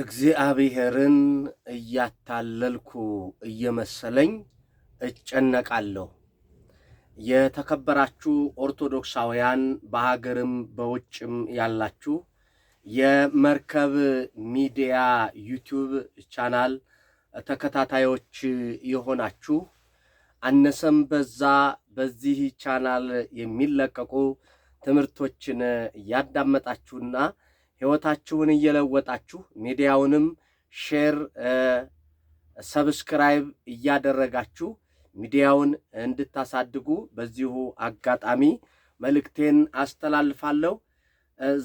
እግዚአብሔርን እያታለልኩ እየመሰለኝ እጨነቃለሁ። የተከበራችሁ ኦርቶዶክሳውያን በሀገርም በውጭም ያላችሁ የመርከብ ሚዲያ ዩቲዩብ ቻናል ተከታታዮች የሆናችሁ አነሰም በዛ በዚህ ቻናል የሚለቀቁ ትምህርቶችን እያዳመጣችሁና። ህይወታችሁን እየለወጣችሁ ሚዲያውንም ሼር፣ ሰብስክራይብ እያደረጋችሁ ሚዲያውን እንድታሳድጉ በዚሁ አጋጣሚ መልእክቴን አስተላልፋለሁ።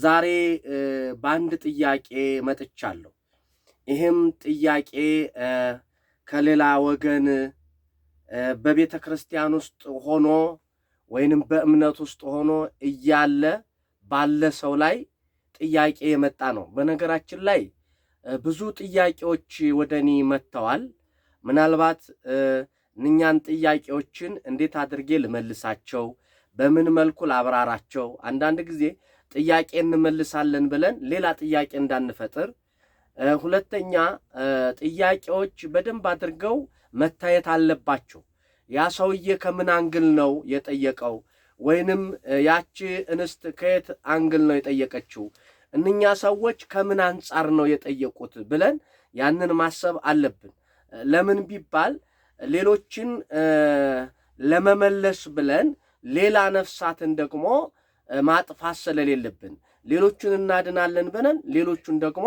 ዛሬ በአንድ ጥያቄ መጥቻለሁ። ይህም ጥያቄ ከሌላ ወገን በቤተ ክርስቲያን ውስጥ ሆኖ ወይንም በእምነት ውስጥ ሆኖ እያለ ባለ ሰው ላይ ጥያቄ የመጣ ነው። በነገራችን ላይ ብዙ ጥያቄዎች ወደ እኔ መጥተዋል። ምናልባት እኛን ጥያቄዎችን እንዴት አድርጌ ልመልሳቸው፣ በምን መልኩ ላብራራቸው፣ አንዳንድ ጊዜ ጥያቄ እንመልሳለን ብለን ሌላ ጥያቄ እንዳንፈጥር፣ ሁለተኛ ጥያቄዎች በደንብ አድርገው መታየት አለባቸው። ያ ሰውዬ ከምን አንግል ነው የጠየቀው? ወይንም ያቺ እንስት ከየት አንግል ነው የጠየቀችው፣ እነኛ ሰዎች ከምን አንጻር ነው የጠየቁት ብለን ያንን ማሰብ አለብን። ለምን ቢባል ሌሎችን ለመመለስ ብለን ሌላ ነፍሳትን ደግሞ ማጥፋት ስለሌለብን ሌሎቹን እናድናለን ብለን ሌሎቹን ደግሞ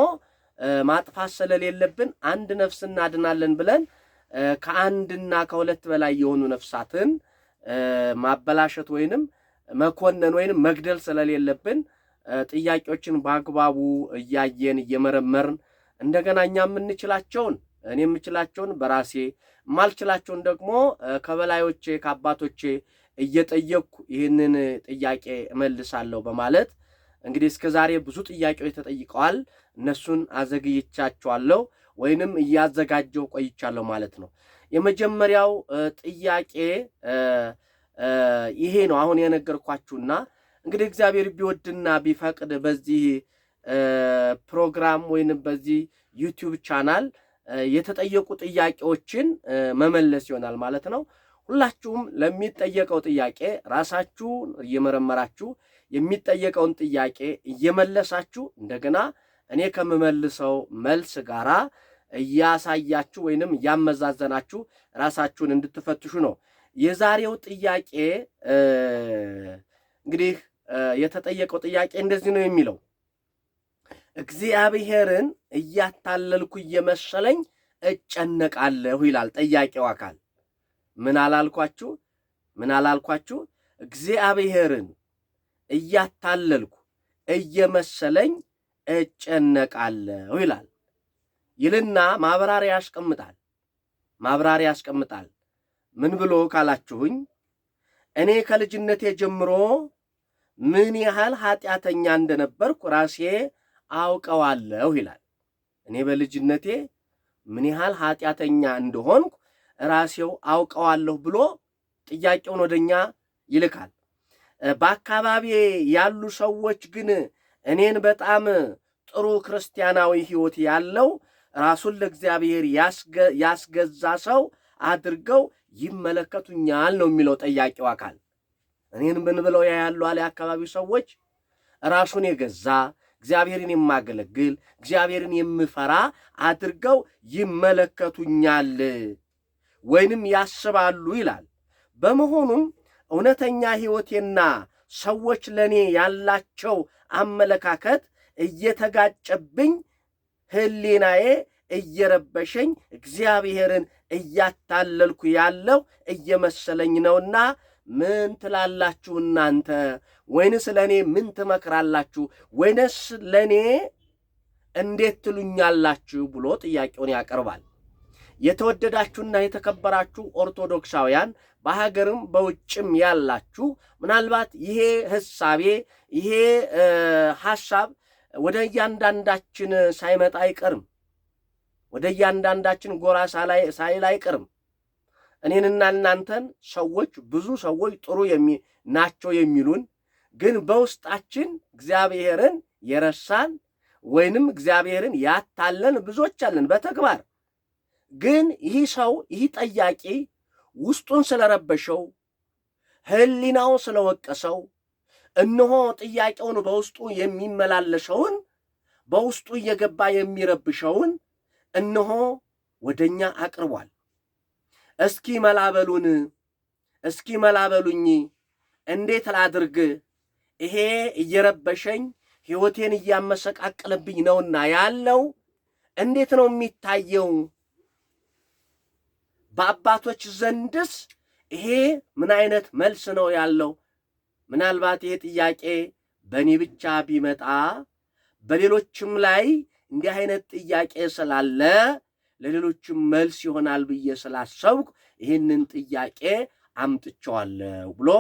ማጥፋት ስለሌለብን አንድ ነፍስ እናድናለን ብለን ከአንድና ከሁለት በላይ የሆኑ ነፍሳትን ማበላሸት ወይንም መኮነን ወይንም መግደል ስለሌለብን ጥያቄዎችን በአግባቡ እያየን እየመረመርን እንደገና እኛ የምንችላቸውን እኔ የምችላቸውን በራሴ ማልችላቸውን ደግሞ ከበላዮቼ ከአባቶቼ እየጠየቅኩ ይህንን ጥያቄ እመልሳለሁ በማለት እንግዲህ እስከ ዛሬ ብዙ ጥያቄዎች ተጠይቀዋል። እነሱን አዘግይቻቸዋለሁ ወይንም እያዘጋጀው ቆይቻለሁ ማለት ነው። የመጀመሪያው ጥያቄ ይሄ ነው አሁን የነገርኳችሁና እንግዲህ እግዚአብሔር ቢወድና ቢፈቅድ በዚህ ፕሮግራም ወይንም በዚህ ዩቲዩብ ቻናል የተጠየቁ ጥያቄዎችን መመለስ ይሆናል ማለት ነው። ሁላችሁም ለሚጠየቀው ጥያቄ ራሳችሁ እየመረመራችሁ የሚጠየቀውን ጥያቄ እየመለሳችሁ እንደገና እኔ ከምመልሰው መልስ ጋራ እያሳያችሁ ወይንም እያመዛዘናችሁ ራሳችሁን እንድትፈትሹ ነው። የዛሬው ጥያቄ እንግዲህ የተጠየቀው ጥያቄ እንደዚህ ነው የሚለው እግዚአብሔርን እያታለልኩ እየመሰለኝ እጨነቃለሁ ይላል ጠያቂው አካል። ምን አላልኳችሁ? ምን አላልኳችሁ? እግዚአብሔርን እያታለልኩ እየመሰለኝ እጨነቃለሁ ይላል። ይልና ማብራሪያ ያስቀምጣል። ማብራሪያ ያስቀምጣል። ምን ብሎ ካላችሁኝ እኔ ከልጅነቴ ጀምሮ ምን ያህል ኃጢአተኛ እንደነበርኩ ራሴ አውቀዋለሁ ይላል። እኔ በልጅነቴ ምን ያህል ኃጢአተኛ እንደሆንኩ ራሴው አውቀዋለሁ ብሎ ጥያቄውን ወደኛ ይልካል። በአካባቢ ያሉ ሰዎች ግን እኔን በጣም ጥሩ ክርስቲያናዊ ሕይወት ያለው ራሱን ለእግዚአብሔር ያስገዛ ሰው አድርገው ይመለከቱኛል ነው የሚለው ጠያቂው አካል። እኔን ምን ብለው ያያሉ አለ የአካባቢው ሰዎች። ራሱን የገዛ እግዚአብሔርን የማገለግል እግዚአብሔርን የምፈራ አድርገው ይመለከቱኛል ወይንም ያስባሉ ይላል። በመሆኑም እውነተኛ ሕይወቴና ሰዎች ለእኔ ያላቸው አመለካከት እየተጋጨብኝ ህሊናዬ እየረበሸኝ እግዚአብሔርን እያታለልኩ ያለው እየመሰለኝ ነውና ምን ትላላችሁ እናንተ? ወይንስ ለእኔ ምን ትመክራላችሁ? ወይንስ ለእኔ እንዴት ትሉኛላችሁ? ብሎ ጥያቄውን ያቀርባል። የተወደዳችሁና የተከበራችሁ ኦርቶዶክሳውያን በሀገርም በውጭም ያላችሁ ምናልባት ይሄ ህሳቤ ይሄ ሐሳብ ወደ እያንዳንዳችን ሳይመጣ አይቀርም። ወደ እያንዳንዳችን ጎራ ሳይል አይቀርም። እኔንና እናንተን ሰዎች ብዙ ሰዎች ጥሩ ናቸው የሚሉን ግን በውስጣችን እግዚአብሔርን የረሳን ወይንም እግዚአብሔርን ያታለን ብዙዎች አለን። በተግባር ግን ይህ ሰው ይህ ጠያቂ ውስጡን ስለረበሸው ሕሊናውን ስለወቀሰው እነሆ ጥያቄውን በውስጡ የሚመላለሸውን በውስጡ እየገባ የሚረብሸውን እነሆ ወደኛ አቅርቧል። እስኪ መላበሉን እስኪ መላበሉኝ እንዴት ላድርግ? ይሄ እየረበሸኝ ሕይወቴን እያመሰቃቀለብኝ ነውና ያለው እንዴት ነው የሚታየው? በአባቶች ዘንድስ ይሄ ምን አይነት መልስ ነው ያለው? ምናልባት ይሄ ጥያቄ በእኔ ብቻ ቢመጣ በሌሎችም ላይ እንዲህ አይነት ጥያቄ ስላለ ለሌሎችም መልስ ይሆናል ብዬ ስላሰብኩ ይህንን ጥያቄ አምጥቸዋለሁ ብሎ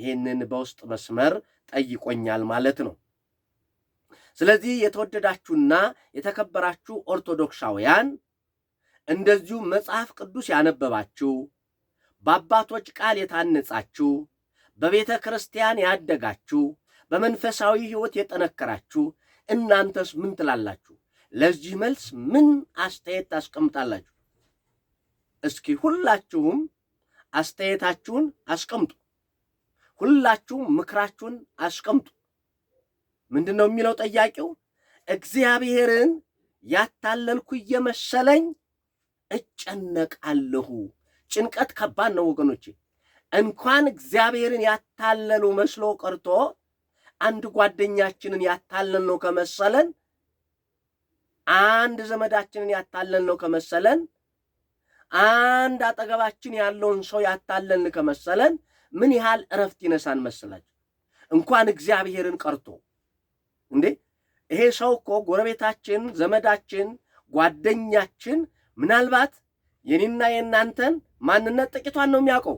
ይህንን በውስጥ መስመር ጠይቆኛል ማለት ነው። ስለዚህ የተወደዳችሁና የተከበራችሁ ኦርቶዶክሳውያን እንደዚሁ መጽሐፍ ቅዱስ ያነበባችሁ በአባቶች ቃል የታነጻችሁ በቤተ ክርስቲያን ያደጋችሁ በመንፈሳዊ ሕይወት የጠነከራችሁ እናንተስ ምን ትላላችሁ? ለዚህ መልስ ምን አስተያየት ታስቀምጣላችሁ? እስኪ ሁላችሁም አስተያየታችሁን አስቀምጡ። ሁላችሁም ምክራችሁን አስቀምጡ። ምንድን ነው የሚለው ጠያቂው? እግዚአብሔርን ያታለልኩ እየመሰለኝ እጨነቃለሁ። ጭንቀት ከባድ ነው ወገኖቼ። እንኳን እግዚአብሔርን ያታለሉ መስሎ ቀርቶ አንድ ጓደኛችንን ያታለል ነው ከመሰለን፣ አንድ ዘመዳችንን ያታለል ነው ከመሰለን፣ አንድ አጠገባችን ያለውን ሰው ያታለልን ከመሰለን ምን ያህል እረፍት ይነሳን መሰላችሁ? እንኳን እግዚአብሔርን ቀርቶ እንዴ ይሄ ሰው እኮ ጎረቤታችን፣ ዘመዳችን፣ ጓደኛችን ምናልባት የኔና የእናንተን ማንነት ጥቂቷን ነው የሚያውቀው።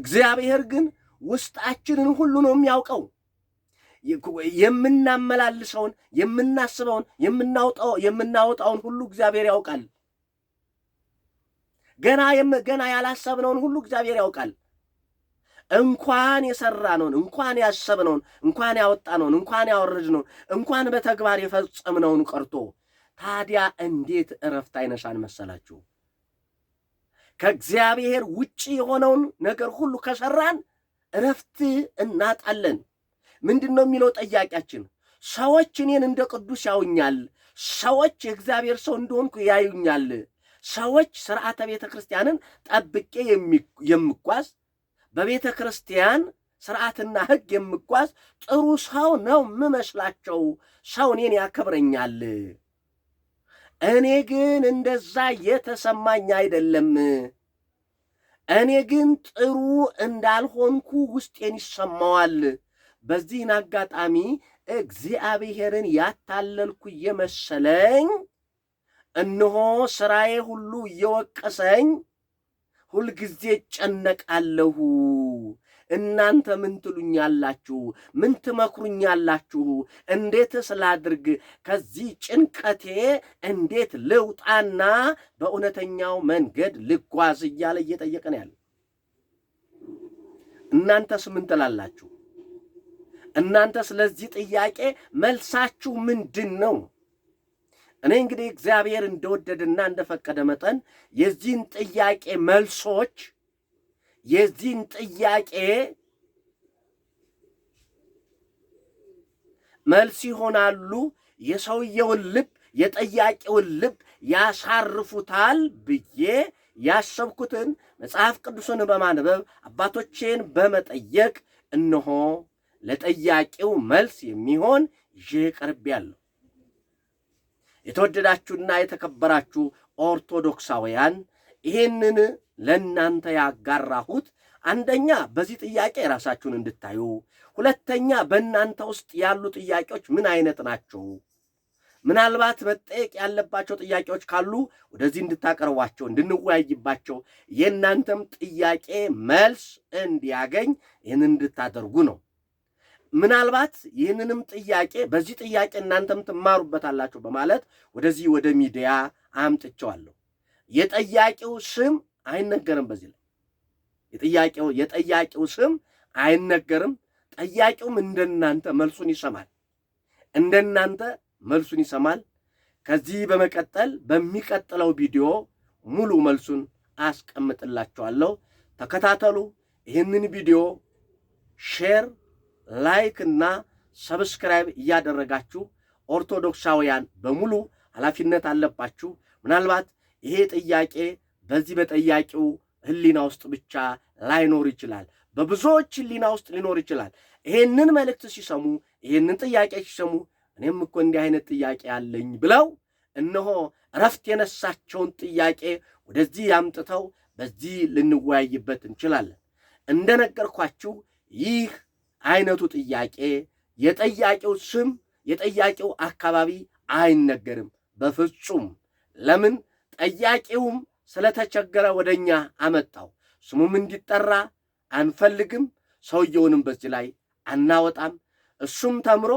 እግዚአብሔር ግን ውስጣችንን ሁሉ ነው የሚያውቀው። የምናመላልሰውን፣ የምናስበውን፣ የምናወጣውን ሁሉ እግዚአብሔር ያውቃል። ገና ገና ያላሰብነውን ሁሉ እግዚአብሔር ያውቃል። እንኳን የሰራነውን እንኳን ያሰብነውን እንኳን ያወጣነውን እንኳን ያወረድነውን እንኳን በተግባር የፈጸምነውን ቀርቶ ታዲያ እንዴት እረፍት አይነሳን መሰላችሁ? ከእግዚአብሔር ውጭ የሆነውን ነገር ሁሉ ከሰራን እረፍት እናጣለን። ምንድን ነው የሚለው ጠያቂያችን? ሰዎች እኔን እንደ ቅዱስ ያውኛል፣ ሰዎች የእግዚአብሔር ሰው እንደሆንኩ ያዩኛል፣ ሰዎች ስርዓተ ቤተ ክርስቲያንን ጠብቄ የምጓዝ በቤተ ክርስቲያን ስርዓትና ሕግ የምጓዝ ጥሩ ሰው ነው የምመስላቸው፣ ሰው እኔን ያከብረኛል እኔ ግን እንደዛ የተሰማኝ አይደለም። እኔ ግን ጥሩ እንዳልሆንኩ ውስጤን ይሰማዋል። በዚህን አጋጣሚ እግዚአብሔርን ያታለልኩ የመሰለኝ እነሆ ስራዬ ሁሉ እየወቀሰኝ ሁልጊዜ እጨነቃለሁ። እናንተ ምን ትሉኛላችሁ? ምን ትመክሩኛላችሁ? እንዴት ስላድርግ? ከዚህ ጭንቀቴ እንዴት ልውጣና በእውነተኛው መንገድ ልጓዝ እያለ እየጠየቀ ነው ያለው። እናንተስ ምን ትላላችሁ? እናንተ ስለዚህ ጥያቄ መልሳችሁ ምንድን ነው? እኔ እንግዲህ እግዚአብሔር እንደወደደና እንደፈቀደ መጠን የዚህን ጥያቄ መልሶች የዚህን ጥያቄ መልስ ይሆናሉ። የሰውየውን ልብ የጠያቂውን ልብ ያሳርፉታል ብዬ ያሰብኩትን መጽሐፍ ቅዱስን በማንበብ አባቶቼን በመጠየቅ እነሆ ለጠያቂው መልስ የሚሆን ይዤ ቀርቤያለሁ። የተወደዳችሁና የተከበራችሁ ኦርቶዶክሳውያን ይህንን ለእናንተ ያጋራሁት አንደኛ በዚህ ጥያቄ ራሳችሁን እንድታዩ፣ ሁለተኛ በእናንተ ውስጥ ያሉ ጥያቄዎች ምን አይነት ናቸው፣ ምናልባት መጠየቅ ያለባቸው ጥያቄዎች ካሉ ወደዚህ እንድታቀርቧቸው፣ እንድንወያይባቸው፣ የእናንተም ጥያቄ መልስ እንዲያገኝ ይህን እንድታደርጉ ነው። ምናልባት ይህንንም ጥያቄ በዚህ ጥያቄ እናንተም ትማሩበታላችሁ በማለት ወደዚህ ወደ ሚዲያ አምጥቸዋለሁ። የጠያቂው ስም አይነገርም። በዚህ ላይ የጥያቄው የጠያቂው ስም አይነገርም። ጠያቂውም እንደናንተ መልሱን ይሰማል፣ እንደናንተ መልሱን ይሰማል። ከዚህ በመቀጠል በሚቀጥለው ቪዲዮ ሙሉ መልሱን አስቀምጥላችኋለሁ። ተከታተሉ። ይህንን ቪዲዮ ሼር፣ ላይክ እና ሰብስክራይብ እያደረጋችሁ ኦርቶዶክሳውያን በሙሉ ኃላፊነት አለባችሁ። ምናልባት ይሄ ጥያቄ በዚህ በጠያቂው ህሊና ውስጥ ብቻ ላይኖር ይችላል። በብዙዎች ህሊና ውስጥ ሊኖር ይችላል። ይሄንን መልእክት ሲሰሙ፣ ይሄንን ጥያቄ ሲሰሙ እኔም እኮ እንዲህ አይነት ጥያቄ አለኝ ብለው እነሆ እረፍት የነሳቸውን ጥያቄ ወደዚህ ያምጥተው በዚህ ልንወያይበት እንችላለን። እንደነገርኳችሁ ይህ አይነቱ ጥያቄ የጠያቂው ስም የጠያቂው አካባቢ አይነገርም በፍጹም። ለምን ጠያቂውም ስለተቸገረ ወደ እኛ አመጣው። ስሙም እንዲጠራ አንፈልግም፣ ሰውየውንም በዚህ ላይ አናወጣም። እሱም ተምሮ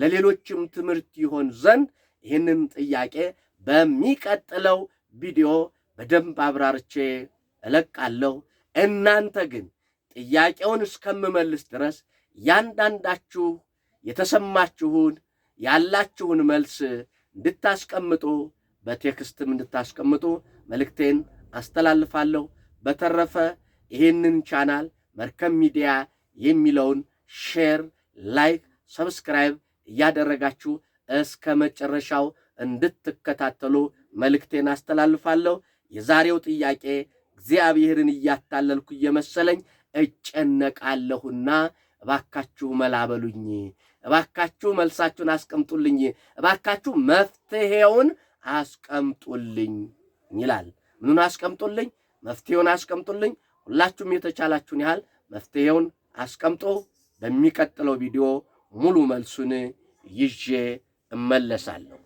ለሌሎችም ትምህርት ይሆን ዘንድ ይህንን ጥያቄ በሚቀጥለው ቪዲዮ በደንብ አብራርቼ እለቃለሁ። እናንተ ግን ጥያቄውን እስከምመልስ ድረስ እያንዳንዳችሁ የተሰማችሁን ያላችሁን መልስ እንድታስቀምጡ በቴክስትም እንድታስቀምጡ መልእክቴን አስተላልፋለሁ። በተረፈ ይህንን ቻናል መርከብ ሚዲያ የሚለውን ሼር፣ ላይክ፣ ሰብስክራይብ እያደረጋችሁ እስከ መጨረሻው እንድትከታተሉ መልእክቴን አስተላልፋለሁ። የዛሬው ጥያቄ እግዚአብሔርን እያታለልኩ እየመሰለኝ እጨነቃለሁና እባካችሁ መላበሉኝ እባካችሁ መልሳችሁን አስቀምጡልኝ፣ እባካችሁ መፍትሔውን አስቀምጡልኝ ይላል። ምኑን አስቀምጡልኝ? መፍትሄውን አስቀምጡልኝ። ሁላችሁም የተቻላችሁን ያህል መፍትሄውን አስቀምጦ በሚቀጥለው ቪዲዮ ሙሉ መልሱን ይዤ እመለሳለሁ።